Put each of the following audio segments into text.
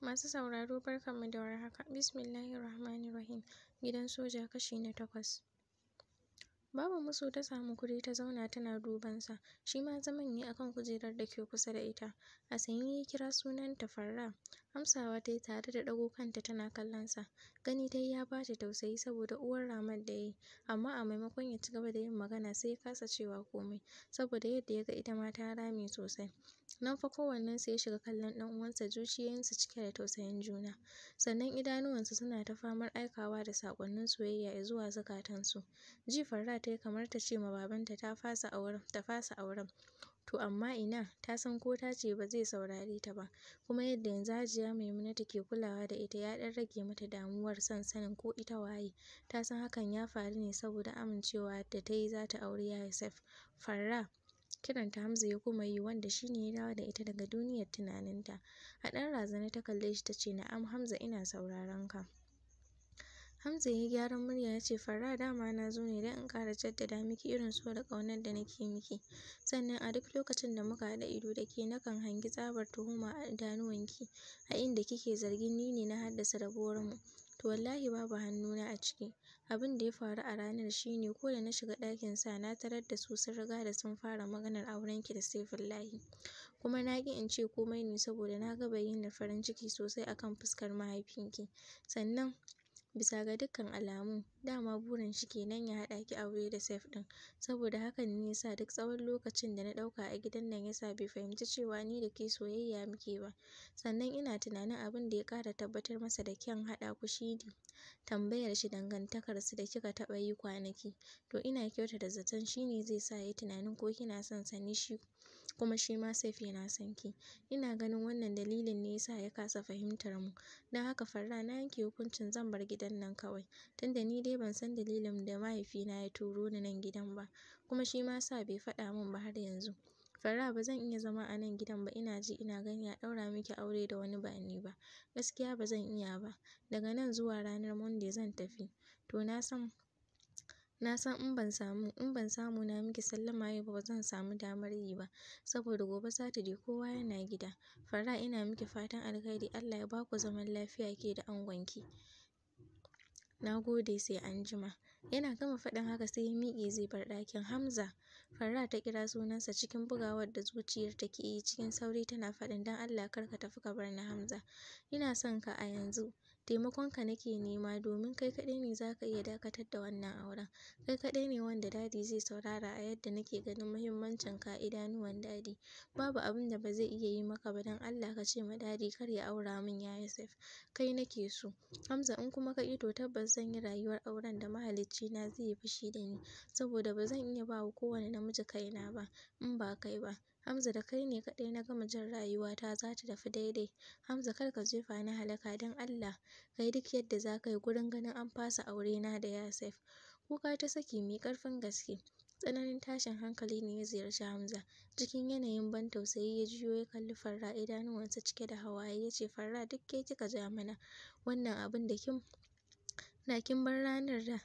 Masu sauraro barkanmu da warhaka. rahim, Gidan soja kashi na takwas. Babu musu ta samu kuri ta zauna tana dubansa, shi ma zaman ne akan kujerar da ke kusa da ita. A sanye ya kira sunanta Farra, amsawa ta yi tare da ɗago kanta tana kallon sa gani dai ya ba ta tausayi saboda uwar ramar da ya yi amma a maimakon ya ci gaba da yin magana sai ya kasa cewa komai saboda yadda ya ga ita ma ta rame sosai nan fa kowannensu ya shiga kallon ɗan uwansa zuciyoyinsu cike da tausayin juna sannan idanuwansu suna ta famar aikawa da saƙonnin soyayya zuwa zukatansu ji farra ta yi kamar ta ce ma babanta ta fasa auren To amma ina, ta san ko ta ce ba zai saurare ta ba, kuma yadda yanzu Hajiya ta ke kulawa da ita ya ɗan rage mata damuwar son sanin ko ita waye. Ta san hakan ya faru ne saboda amincewa da ta yi za ta auri Yusuf. Farra kiranta Hamza ya kuma yi wanda shi ne ya dawo da ita daga duniyar tunaninta. A ɗan razana, ta kalle shi ta ce, Na'am Hamza ina sauraron ka. Hamza ya yi gyaran murya ya ce, Farra dama na zo ne don in ƙara jaddada miki irin so da ƙaunar da nake miki. Sannan a duk lokacin da muka haɗa ido da ke nakan hangi tsabar tuhuma a idanuwanki, a inda kike zargin ni ne na haddasa mu To wallahi babu hannuna a ciki. Abin da ya faru a ranar shi ne ko da na shiga ɗakin sa na tarar da su sun riga da sun fara maganar aurenki da Saifullahi. Kuma na ƙi in ce komai ne saboda na ga bayyanar farin ciki sosai a kan fuskar mahaifinki. Sannan Bisa ga dukkan alamu dama burin shi kenan ya haɗa ki aure da sef ɗin, saboda hakan ne yasa duk tsawon lokacin da na ɗauka a gidan nan yasa bai fahimci cewa ni da ke soyayya muke ba. Sannan ina tunanin abin da ya ƙara tabbatar masa da kyan haɗa ku shi ne tambayar shi dangantakarsu da kika taɓa yi kwanaki, to ina kyautata zaton shi ne zai sa ya yi tunanin ko kina son sa ne shi kuma shi ma Saif yana son ki. Ina ganin wannan dalilin ne ya sa ya kasa fahimtar mu. Don haka farra na yanke hukuncin zan bar gidan nan kawai. Tunda ni dai ban san dalilin da mahaifina ya turo ni nan gidan ba, kuma shi ma sa bai faɗa min ba har yanzu. farra ba zan iya zama a nan gidan ba ina ji ina gani a ɗaura miki aure da wani ba ni ba. Gaskiya ba zan iya ba. Daga nan zuwa ranar Monday zan tafi. To na san Na san in ban samu in ban samu na miki sallama yau ba zan samu damar yi ba saboda gobe Saturday kowa yana gida. Far'a ina miki fatan alkhairi Allah ya baku zaman lafiya ke da ki Na gode sai anjima. Yana gama faɗin haka sai ya miƙe zai bar ɗakin Hamza. Far'a ta kira sunansa cikin bugawar da zuciyar ta ke yi cikin sauri tana faɗin don Allah kar ka tafi ka bar ni Hamza. Ina son ka a yanzu. taimakonka nake nema domin kai kaɗai ne za ka iya dakatar da wannan auren. Kai kaɗai ne wanda Dadi zai saurara a yadda nake ganin ka a idanuwan Dadi. Babu abin da ba zai iya yi maka ba don Allah ka ce ma Dadi kar ya aura min ya Yusuf. Kai nake so. Hamza in kuma ka ƙi to tabbas zan yi rayuwar auren da mahalicci na zai yi fushi da ni saboda ba zan iya ba wa kowane namiji kaina ba in ba kai ba. Hamza da kai ne kaɗai na gama jin rayuwata za ta tafi daidai. Hamza kar ka jefa ni halaka don Allah. Kai duk yadda za ka yi gurin ganin an fasa aurena da Yasef. Kuka ta saki mai ƙarfin gaske. Tsananin tashin hankali ne ya ziyarci Hamza. Cikin yanayin ban tausayi ya juyo ya kalli Farra idanuwansa cike da hawaye ya ce Farra duk ke kika ja mana wannan abin da kin na kin bar ranar da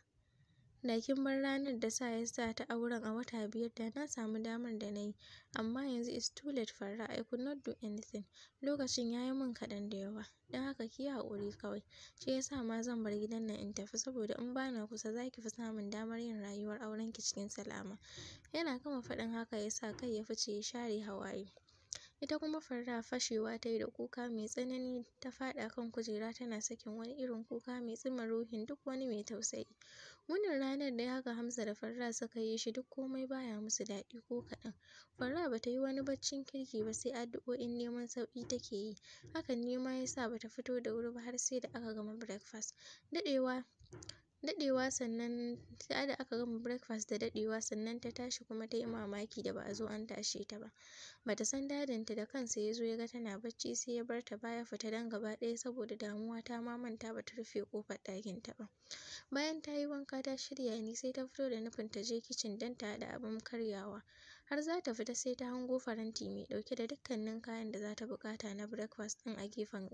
Da kin bar ranar da sa ya sa ta auren a wata biyar da na samu damar da na yi. Amma yanzu it's too late Farra, I could not do anything. Lokacin ya yi min kaɗan da yawa. Don haka ki yi haƙuri kawai. Shi ya sa ma zan bar gidan nan in tafi saboda in ba na kusa za ki fi samun damar yin rayuwar aurenki cikin salama. Yana kama faɗin haka ya sa kai ya fice ya share hawaye. Ita kuma farra fashewa ta yi da kuka mai tsanani ta faɗa kan kujera tana sakin wani irin kuka mai tsima ruhin duk wani mai tausayi. Wannan ranar da haka Hamza da farra suka yi shi duk komai baya musu daɗi ko kaɗan. farra ba ta yi wani baccin kirki ba sai addu'o'in neman sauƙi take yi. Hakan ne ma ya sa ba ta fito da wuri ba har sai da aka gama breakfast. Daɗewa daɗewa sannan sai da aka gama breakfast da daɗewa sannan ta tashi kuma ta yi mamaki da ba a zo an tashe ta ba bata san dadinta da kansa ya zo ya ga tana bacci sai ya bar ta baya fita dan gaba ɗaya saboda damuwa ta ma manta bata rufe kofar ɗakin ta ba bayan ta yi wanka ta shirya ne sai ta fito da nufin ta je kicin don ta haɗa abin karyawa har za ta fita sai ta hango faranti mai ɗauke da dukkanin kayan da za ta buƙata na breakfast ɗin a gefen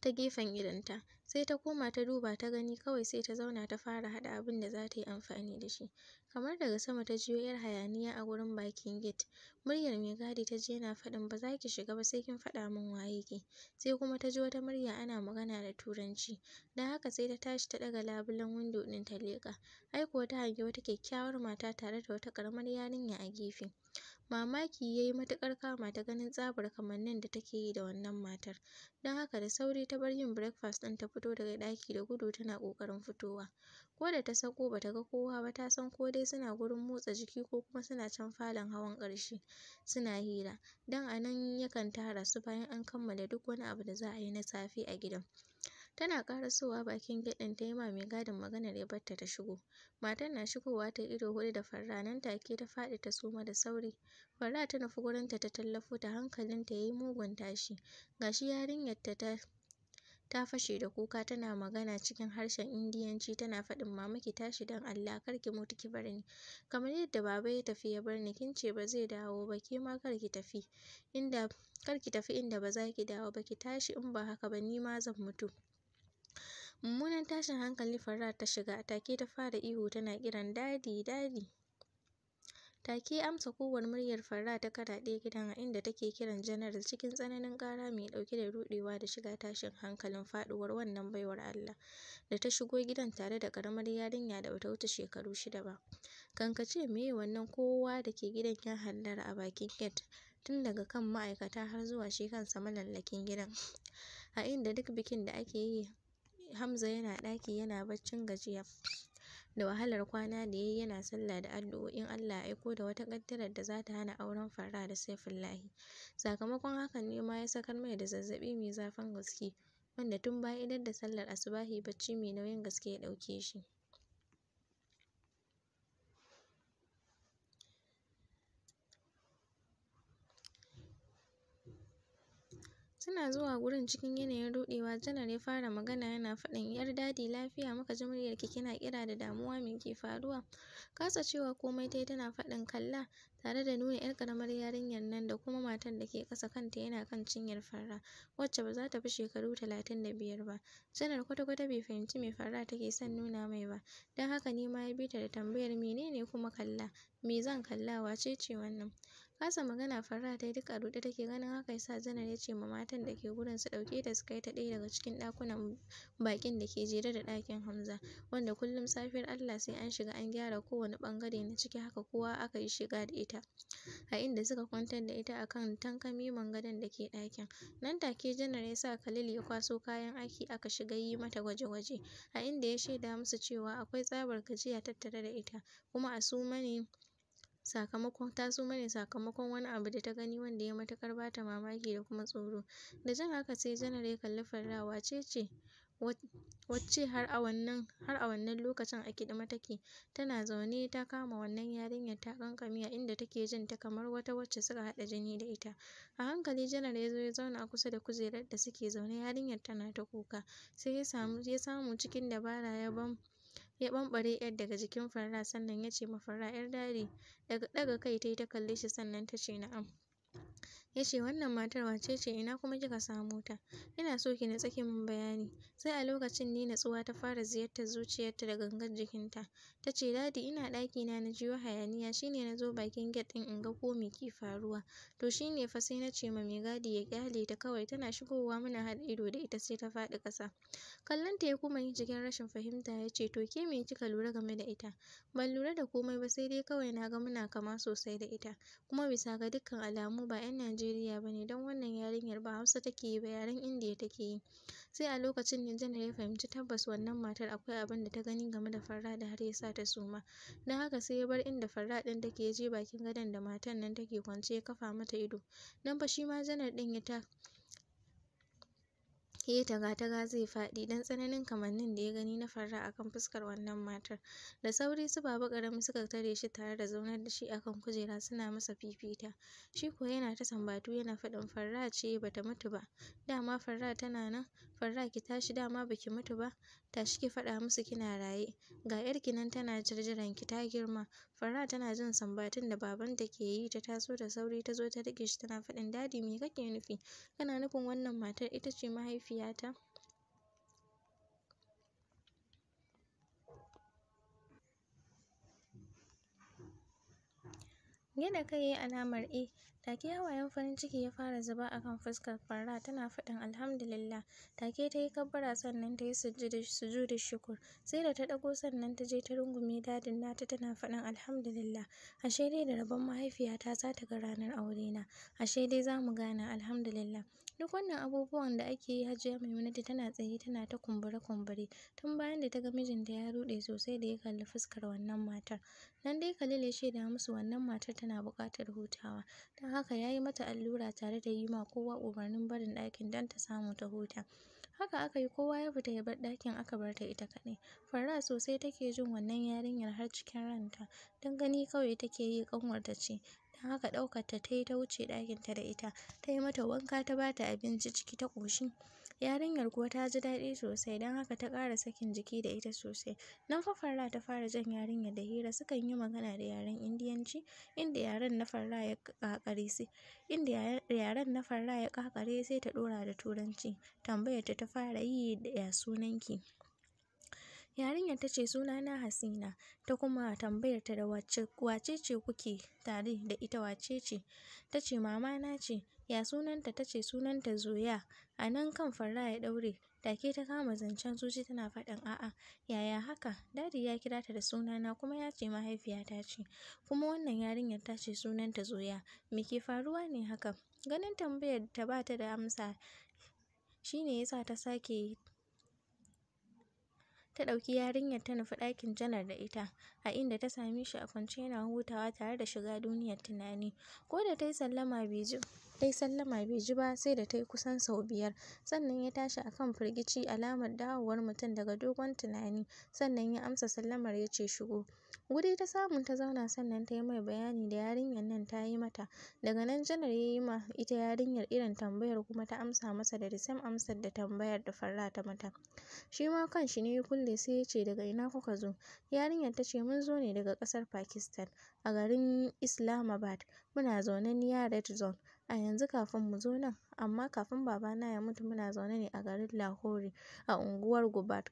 ta gefen idonta Sai ta koma ta duba ta gani kawai sai ta zauna ta fara haɗa abin da za ta yi amfani da shi. Kamar daga sama ta jiyo 'yar hayaniya a gurin bakin gate. Muryar mai gadi ta ji yana faɗin ba za ki shiga ba sai kin faɗa min waye ke. Sai kuma ta ji wata murya ana magana da Turanci. Don haka sai ta tashi ta ɗaga labulen windo ɗin ta leƙa. Ai kuwa ta hangi wata kyakkyawar mata tare da wata ƙaramar yarinya a gefe. Mamaki ya yi matuƙar kama ta ganin tsabar kamannin da take yi da wannan matar, don haka da sauri ta bar yin breakfast ɗin ta fito daga ɗaki da gudu tana ƙoƙarin fitowa. Ko da ta sauko ba ta ga kowa ba ta san ko dai suna gurin motsa jiki ko kuma suna can falon hawan ƙarshe suna hira, don a nan yakan tara su bayan an kammala duk wani abu da za a yi na safe a gidan. Tana karasowa bakin gyaɗin ta yi ma mai gadin maganar ya batta ta shigo. Matar na shigowa ta ido huɗu da farra nan take ta faɗi ta suma da sauri. Farra ta nufi wurinta ta tallafo ta hankalinta ya yi mugun tashi. Gashi yarinyar ta ta ta fashe da kuka tana magana cikin harshen indiyanci tana faɗin mama ki tashi Dan Allah kar ki mutu ki bar ni kamar yadda baba ya tafi ya bar ni kin ce ba zai dawo ba ke ma kar ki tafi inda kar ki tafi inda ba za ki dawo ba ki tashi in ba haka ba ni ma zan mutu Mummunan tashin hankali fara ta shiga, take ta fara ihu tana kiran dadi dadi. Take amsa kowar muryar fara ta karaɗe gidan a inda take kiran janar cikin tsananin kara mai ɗauke da rudewa da shiga tashin hankalin faɗuwar wannan baiwar Allah da ta shigo gidan tare da karamar yarinya da bata wuce shekaru shida ba. Kankace meye wannan kowa da ke gidan ya hallara a bakin gate tun daga kan ma'aikata har zuwa shi kansa malallakin gidan. A inda duk bikin da ake yi Hamza yana ɗaki yana baccin gajiya da wahalar kwana da yayi yana sallah da addu'o'in Allah ya aiko da wata ƙaddarar da za ta hana auren farra da Saifullahi. Sakamakon hakan ne ma ya sakar mai da zazzaɓi mai zafin gaske, wanda tun bayan idar da sallar asubahi bacci mai nauyin gaske ya ɗauke shi. Suna zuwa gurin cikin yanayin ruɗewa, Janar ya fara magana yana faɗin, "Yar dadi lafiya muka ji muryarki kina kira da damuwa me ke faruwa?" Kasa cewa komai tayi tana faɗin kalla tare da nuna 'yar ƙaramar yarinyar nan da kuma matar da ke ƙasa kanta yana kan cinyar farra wacce ba za ta fi shekaru talatin da biyar ba. Janar kwata-kwata bai fahimci me fara take son nuna mai ba, don haka nima ya bi ta da tambayar, "Menene kuma kalla? Me zan kalla? Wace ce wannan?" Kasa magana Farha ta duk a ruɗe take ganin haka yasa Zainab ya ce ma matan da ke gurin su ɗauke ta su kai ta ɗaya daga cikin ɗakunan baƙin da ke jere da ɗakin Hamza wanda kullum safiyar Allah sai an shiga an gyara kowane ɓangare na ciki haka kowa aka yi shiga da ita. A inda suka kwantar da ita akan tankamiman gadon da ke ɗakin. Nan take Janar ya sa Khalil ya kwaso kayan aiki aka shiga yi mata gwaje-gwaje a inda ya shaida musu cewa akwai tsabar gajiya tattare da ita kuma a su sakamakon ta zo mane sakamakon wani abu da ta gani wanda ya matuƙar bata mamaki da kuma tsoro da jin haka sai janar ya kalli farida wace ce wacce har a wannan har a wannan lokacin a kiɗima take tana zaune ta kama wannan yarinyar ta kankame a inda take jin ta kamar wata wacce suka haɗa jini da ita a hankali janar ya zo ya zauna a kusa da kujerar da suke zaune yarinyar tana ta kuka sai ya samu ya samu cikin dabara ya bam ya ɓamɓare ‘yar daga jikin farra sannan ya ce ma fara ‘yar dadi daga ɗaga kai ta ta kalle shi sannan ta ce na'am. ya ce wannan matar wace ce ina kuma kika samo ta ina so ki natsu min bayani sai a lokacin ne natsuwa ta fara ziyartar zuciyarta da gangar jikinta ta ce dadi ina daki na jiyo hayaniya shine nazo bakin gate din in ga ko me ke faruwa to shine fa sai na ce ma mai gadi ya kyale ta kawai tana shigowa mana har ido da ita sai ta faɗi kasa kallon ta ya kuma cikin rashin fahimta ya ce to ke me kika lura game da ita ban lura da komai ba sai dai kawai na ga muna kama sosai da ita kuma bisa ga dukkan alamu ba 'yan 'yan Najeriya ba ne don wannan yarinyar ba Hausa take yi ba yaren Indiya take yi. Sai a lokacin ne Janar ya fahimci tabbas wannan matar akwai abin da ta gani game da Farra da har ya sa ta suma. Don haka sai ya bar inda Farra ɗin take ya je bakin gadon da matar nan take kwance ya kafa mata ido. Nan fa shi ma Janar ɗin ya ta yi eh, taga zai faɗi don tsananin kamannin da ya gani na farra akan fuskar wannan matar. Da sauri su baba ƙaramin suka tare shi tare da zaunar da shi akan kujera suna masa fifita. Shi kuwa yana ta sambatu yana faɗin farra ce bata mutu ba, dama farra tana nan Farra ki tashi dama baki mutu ba, tashi ki faɗa musu kina raye. Ga ‘yarki nan tana jarjiran ki ta girma. Farra tana jin sambatin da babanta ke yi ta taso da sauri ta zo ta riƙe shi tana faɗin dadi me kake nufi? Kana nufin wannan matar ita ce mahaifiyata? Gyaɗa kai yi alamar eh. Take hawayen farin ciki ya fara zuba a kan fuskar farra. tana faɗin alhamdulillah. Take ta yi kabbara sannan ta yi sujudin shukur. Sai da ta ɗago sannan ta je ta rungume dadin nata tana faɗin alhamdulillah. Ashe dai da rabon mahaifiyata za ta ga ranar aure na Ashe dai za mu gana alhamdulillah. Duk wannan abubuwan da ake yi Hajiya Maimunatu tana tsaye tana ta kumbure-kumbure tun bayan da ta ga mijinta ya ruɗe sosai da ya kalli fuskar wannan matar. Nan dai Khalil ya shaida musu wannan matar tana buƙatar hutawa, don haka ya yi mata allura tare da yi ma kowa umarnin barin ɗakin don ta samu ta huta. Haka aka yi kowa ya fita ya bar ɗakin aka barta ita kaɗai. Farra sosai take jin wannan yarinyar har cikin ranta, don gani kawai take yi ƙanwarta ce, don haka ɗaukar ta yi ta wuce ɗakinta da ita, ta yi mata wanka ta bata abinci ciki ta ƙoshi. Yarinyar kuwa ta ji daɗi sosai don haka ta ƙara sakin jiki da ita sosai. Nan fa ta fara jan yarinyar da hira sukan yi magana da yaren Indiyanci inda yaren na Farra ya ƙaƙare sai inda yaren na ya ƙaƙare sai ta ɗora da Turanci. Tambayar ta ta fara yi da ya sunanki? Yarinyar ta ce sunana Hasina, ta kuma tambayar ta da wace, ce kuke tare da ita wace ce? Ta ce mama na ce, ya sunanta ta ce sunanta Zoya. A nan kan fara ya ɗaure, take ta kama zancen zuci tana faɗin a'a, yaya haka? Dadi ya kira ta da sunana kuma ya ce mahaifiyata ce, kuma wannan yarinyar ta ce sunanta Zoya. Me ke faruwa ne haka? Ganin tambayar ta ba ta da amsa, shine yasa ta sake ta ɗauki yarinyar ta nufi ɗakin janar da ita, a inda ta same shi a kwance yana hutawa tare da shiga duniyar tunani. Ko da ta yi sallama bai ji ta yi sallama bai ji ba sai da ta yi kusan sau biyar, sannan ya tashi a kan firgici alamar dawowar mutum daga dogon tunani, sannan ya amsa sallamar ya ce shigo. Guri ta samu ta zauna sannan ta yi mai bayani da yarinyar nan ta yi mata. Daga nan janar ya yi ma ita yarinyar irin tambayar kuma ta amsa masa da sam amsar da tambayar da Farra ta mata. Shi ma kanshi ne ya kulle sai ya ce daga ina kuka zo. Yarinyar ta ce mun zo ne daga ƙasar Pakistan a garin Islamabad. Muna zaune near Red Zone. A yanzu kafin mu zo nan, amma kafin babana ya mutu muna zaune ne a garin Lahore a unguwar Gubat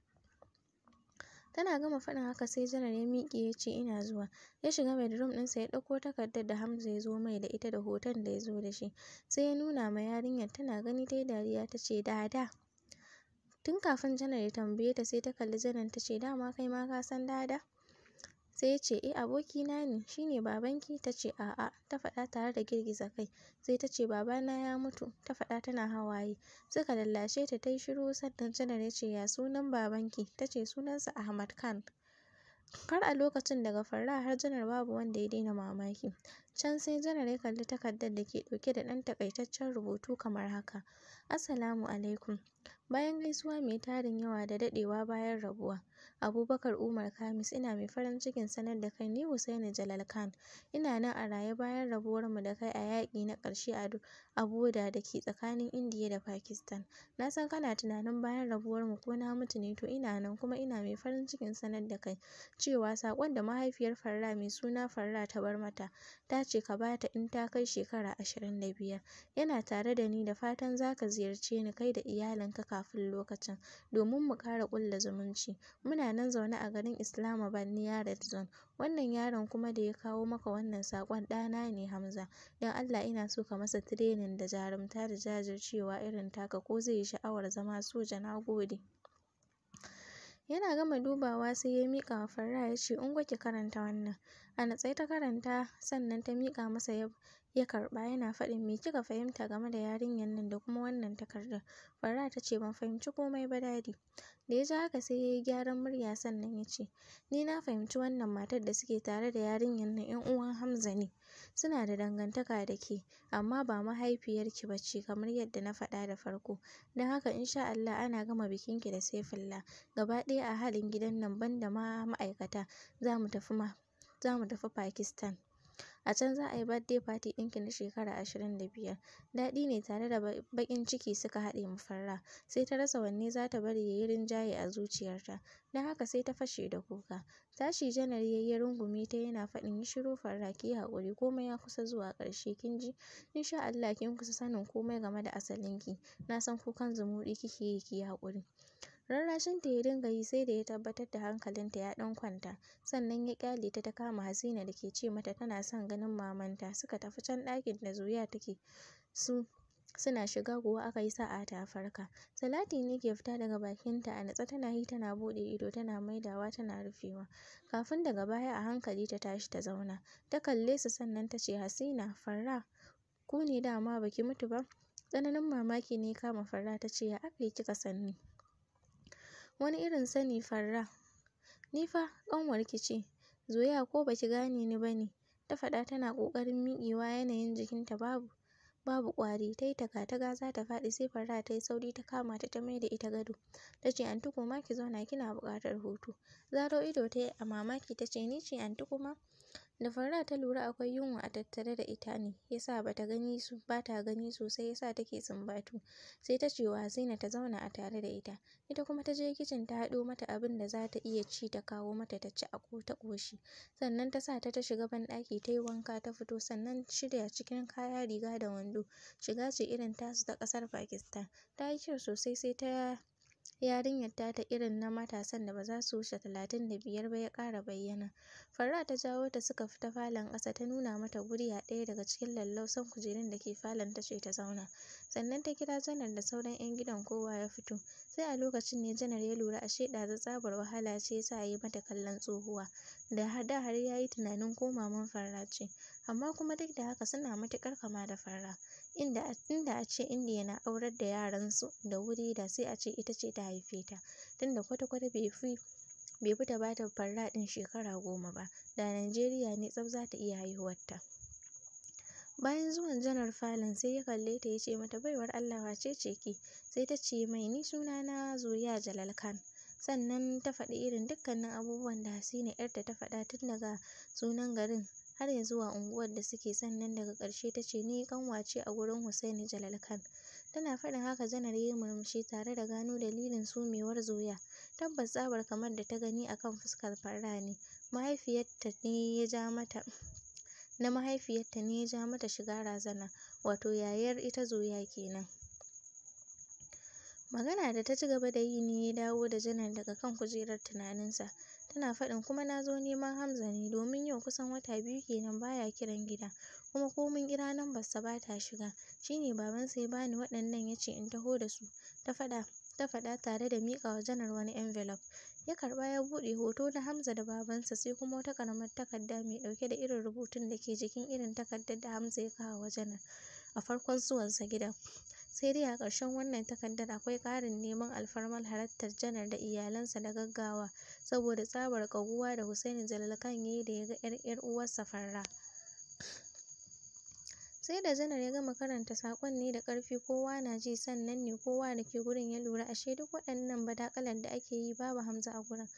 Tana gama faɗin haka sai janar ya miƙe ya ce ina zuwa. Ya shiga bedroom ɗinsa ya ɗauko takardar da Hamza ya zo mai da ita da hoton da ya zo da shi. Sai ya nuna ma yarinyar tana gani ta dariya ta ce da da. Tun kafin janar ya tambaye ta sai ta kalli janar ta ce dama kai ma ka san da da. Sai ya ce, eh abokina ne, shi ne babanki? Ta ce, a'a, ta faɗa tare da girgiza kai. Sai ta ce, babana ya mutu, ta faɗa tana hawaye. Suka lallashe ta ta yi shiru sannan janar ya ce, ya sunan babanki? Ta ce, sunansa Ahmad Khan. Har a lokacin daga farra har janar babu wanda ya daina mamaki. Can sai janar ya kalli takardar da ke ɗauke da ɗan takaitaccen rubutu kamar haka. Assalamu alaikum. Bayan gaisuwa mai tarin yawa da daɗewa bayan rabuwa, Abubakar Umar kamis ina mai farin cikin sanar da kai ni Hussaini Jalal Khan. Ina nan a raye bayan rabuwar mu da kai a yaƙi na ƙarshe a boda da ke tsakanin Indiya da Pakistan. Na san kana tunanin bayan rabuwarmu ko na mutu ne to ina nan kuma ina mai farin cikin sanar da kai cewa saƙon da mahaifiyar farra mai suna farra ta bar mata ta ce ka ba ta in ta kai shekara ashirin da biyar yana tare da ni da fatan za ka ziyarce ni kai da iyalinka kafin kafin lokacin domin mu ƙara ƙulla zumunci. Muna nan zaune a garin Islamabad red Zone. Wannan yaron kuma da ya kawo maka wannan saƙon ɗana ne Hamza. Don Allah ina so ka masa tirenin da jarumta da jajircewa irin taka ko zai yi sha'awar zama soja na gode. Yana gama dubawa sai ya miƙa wa Farha ya ce, in ki karanta wannan. A natse ta karanta sannan ta miƙa masa ya karɓa yana faɗin me kika fahimta game da yarinyar nan da kuma wannan takardar. Farha ta ce ban fahimci komai ba dadi. Da ya ji haka sai ya yi gyaran murya sannan ya ce, Ni na fahimci wannan matar da suke tare da yarinyar nan 'yan uwan Hamza ne. Suna da dangantaka da ke, amma ba mahaifiyarki ba ce kamar yadda na faɗa da farko. Don haka insha Allah ana gama bikin ki da Saifullah. Gaba ɗaya a halin gidan nan banda ma ma'aikata za tafi ma, za mu tafi Pakistan. A can za a yi birthday party ɗinki na shekara ashirin da biyar. Daɗi ne tare da baƙin ciki suka haɗe mafarra, sai ta rasa wanne zata ta bari ya yi rinjaye a zuciyarta, don haka sai ta fashe da kuka. Tashi Janar ya yi ya rungume ta yana faɗin yi shiru Farra kiyi yi haƙuri komai ya kusa zuwa ƙarshe kin ji, in sha Allah kin kusa sanin komai game da asalinki, na san kukan zumuɗi kike yi ki yi haƙuri. Rarrashinta ya dinga yi sai da ya tabbatar da hankalinta ya ɗan kwanta, sannan ya ƙyale ta ta kama Hasina da ke ce mata tana son ganin mamanta suka tafi can ɗakin da Zuwiya take su suna shiga kuwa aka yi sa'a ta farka. Salati ne ke fita daga bakinta a natsa tana yi tana buɗe ido tana maidawa tana rufewa. Kafin daga baya a hankali ta tashi ta zauna. Ta kalle su sannan ta ce Hasina, Farra, ku ne dama baki mutu ba? Tsananin mamaki ne kama Farra ta ce ya aka kika san Wani irin sani farra. Ni fa ƙanwarki ce. Zoya ko baki gane ni bane Ta faɗa tana ƙoƙarin miƙewa yanayin jikinta babu babu ƙwari. Ta yi taka-taka za faɗi sai farra ta yi sauri ta kama ta ta mai da ita gado. tace ce anti koma ki zauna kina buƙatar hutu. Zaro ido ta a mamaki tace ce ni ce anti kuma? Da Farra ta lura akwai yunwa a tattare da ita ne, ba bata gani su ba ta gani sosai ya sa take sumbatu. Sai ta ce wa Hasina ta zauna a tare da ita. Ita kuma ta je kicin ta haɗo mata abin da za ta iya ci ta kawo mata ta ci a ta ƙoshi. Sannan ta sa ta ta shiga banɗaki ta yi wanka ta fito sannan shirya cikin kaya riga da wando. Shiga ce irin tasu ta ƙasar Pakistan. Ta yi kyau sosai sai ta Yarinyar ta irin na matasan da ba za su wuce talatin da biyar ba ya ƙara bayyana. Farra ta jawo ta suka fita falon ƙasa ta nuna mata guri a ɗaya daga cikin lallausan kujerun da ke falon ta ce ta zauna. Sannan ta kira janar da sauran 'yan gidan kowa ya fito. Sai a lokacin ne janar ya lura ashe ɗazu tsabar wahala ce ya sa yi mata kallon tsohuwa. Da har da har ya yi tunanin ko maman Farra ce, amma kuma duk da haka suna matuƙar kama da Farra. Inda, inda a ce Indiya na aurar da yaransu da wuri da sai a ce ita ce ta haife ta, tunda kwata-kwata bai fi bai fi ta bata Farra ɗin shekara goma ba, da Najeriya ne tsaf za ta iya haihuwarta. Bayan zuwan Janar Falon sai ya kalle ta ya ce mata baiwar Allah wace ce ke Sai ta ce mai ni suna na Zuriya Jalal Khan. Sannan ta faɗi irin dukkanin abubuwan da Hasina ‘yarta ta faɗa tun daga sunan garin har ya zuwa unguwar da suke sannan daga ƙarshe ta ce ni kanwace a gurin Hussaini Jalal Khan. Tana faɗin haka Janar ya murmushi tare da gano dalilin sumewar Zoya. Tabbas tsabar kamar da ta gani a kan fuskar Farra ne. Mahaifiyarta ne ya ja mata. na mahaifiyarta ne ya ja mata shiga razana wato yayar ita zoya kenan magana da ta ci gaba da yi ne ya dawo da janar daga kan kujerar tunaninsa tana faɗin kuma na zo neman hamza ne domin yau kusan wata biyu kenan baya kiran gida kuma ko mun kira nan basa ba ta shiga shine babansa ya bani waɗannan ya ce in taho da su ta faɗa ta faɗa tare da miƙawa janar wani envelope ya karba ya buɗe hoto na Hamza da babansa sai kuma wata karamar takarda mai ɗauke da irin rubutun da ke jikin irin takardar da Hamza ya kawo wajen a farkon zuwansa gidan. Sai dai a ƙarshen wannan takardar akwai ƙarin neman alfarmar halartar janar da iyalansa da gaggawa saboda tsabar ƙaguwa da Hussein Jalal Khan ya yi da ya ga 'yar uwarsa Farra. Sai da Janar ya gama karanta sakon ne da ƙarfi kowa na ji sannan ne kowa da ke gurin ya lura ashe duk waɗannan badakalar da ake yi babu Hamza a gurin.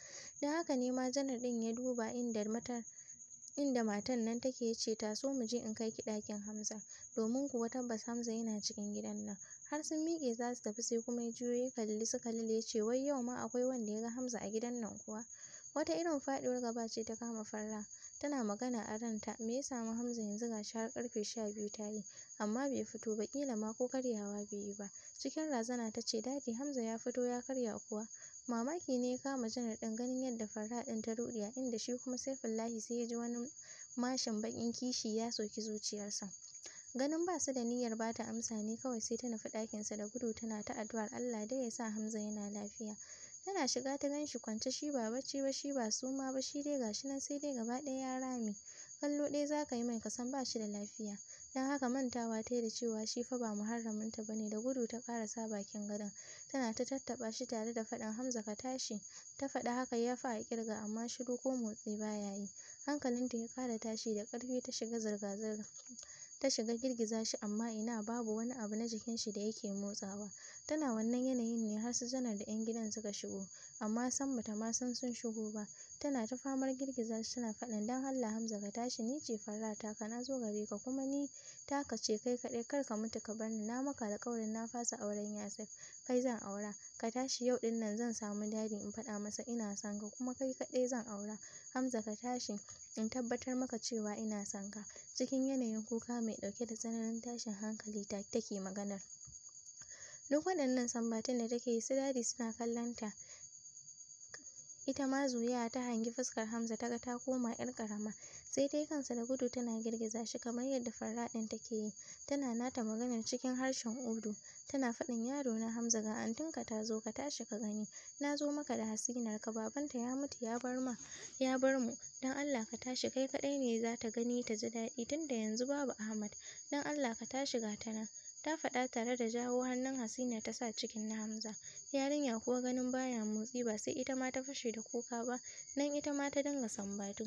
Don haka ne ma Janar ɗin ya duba inda matar inda matan nan take ya ce taso mu je in kai ki ɗakin Hamza domin kuwa tabbas Hamza yana cikin gidan nan har sun miƙe za su tafi sai kuma ya juyo ya kalli su Khalil ya ce wai yau ma akwai wanda ya ga Hamza a gidan nan kuwa Wata irin faɗuwar gaba ce ta kama farra. Tana magana a ranta, me ya samu Hamza yanzu ga shi har ƙarfe sha biyu ta yi, amma bai fito ba ƙila ma ko karyawa bai yi ba. Cikin razana ta ce, Dadi Hamza ya fito ya karya kuwa. Mamaki ne ya kama janar ɗin ganin yadda farra ɗin ta ruɗe a inda shi kuma Saifullahi sai ya ji wani mashin baƙin kishi ya soki zuciyarsa. Ganin ba su da niyyar ba ta amsa ne kawai sai ta nufi ɗakinsa da gudu tana ta addu'ar Allah dai ya sa Hamza yana lafiya. Tana shiga ta gan shi kwance shi ba bacci ba shi ba suma ba shi dai gashi nan sai dai gaba ɗaya ya rame. Kallo ɗaya zaka yi mai kasan ba shi da lafiya. dan haka mantawa ta da cewa shi fa ba muharramin ba ne da gudu ta sa bakin gadon. Tana ta tattaɓa shi tare da faɗin Hamza ka tashi. Ta faɗa haka ya fi a ƙirga amma shiru ko motsi ba ya yi. ta ya ƙara tashi da ƙarfi ta shiga zirga-zirga. ta shiga girgiza shi amma ina babu wani abu na jikin shi da yake motsawa. Tana wannan yanayin ne har su janar da 'yan gidan suka shigo, amma san bata ma san sun shigo ba. Tana ta famar girgiza shi tana faɗin dan Allah Hamza ka tashi ni ce farata ka na zo gare ka kuma ni taka ce kai kaɗai kar ka mutu ka bar ni na maka alƙawarin na fasa auren Yasir. kai zan aura ka tashi yau ɗin nan zan samu dadi in faɗa masa ina son ka kuma kai kaɗai zan aura Hamza ka tashi in tabbatar maka cewa ina son ka cikin yanayin kuka mai ɗauke da tsananin tashin hankali take maganar duk waɗannan sambatun da take yi su dadi suna kallon ta ita ma zuya ta hangi fuskar Hamza ta ga ta koma yar ƙarama. sai dai kansa da gudu tana girgiza shi kamar yadda farra take yi tana nata maganar cikin harshen Udu. tana faɗin yaro na Hamza ga antinka ta zo ka tashi ka gani na zo maka da hasinar ka babanta ya mutu ya bar ma ya bar mu dan Allah ka tashi kai kaɗai ne za ta gani ta ji daɗi tunda yanzu babu Ahmad dan Allah ka tashi ga ta nan ta faɗa tare da jawo hannun Hasina ta sa cikin na Hamza. Yarinya kuwa ganin baya motsi ba sai ita ma ta fashe da kuka ba, nan ita ma ta dinga sambatu.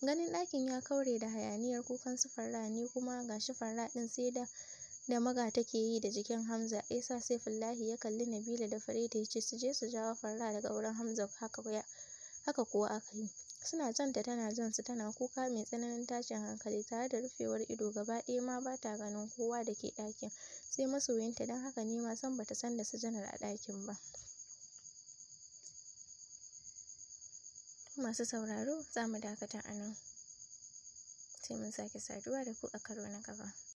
Ganin ɗakin ya kaure da hayaniyar kukan su farra ne kuma ga shi farra ɗin sai da da maga take yi da jikin Hamza yasa sai ya kalli Nabila da Farida ya ce su je su jawo farra daga wurin Hamza haka haka kuwa aka yi. suna jan tana jan su tana kuka mai tsananin tashin hankali tare da rufewar ido gaba ɗaya ma ba ta ganin kowa da ke ɗakin sai masoyinta don haka ne ma san bata san da su janar a ɗakin ba masu sauraro za mu dakata a nan sai mun sake saduwa da ku a karo na gaba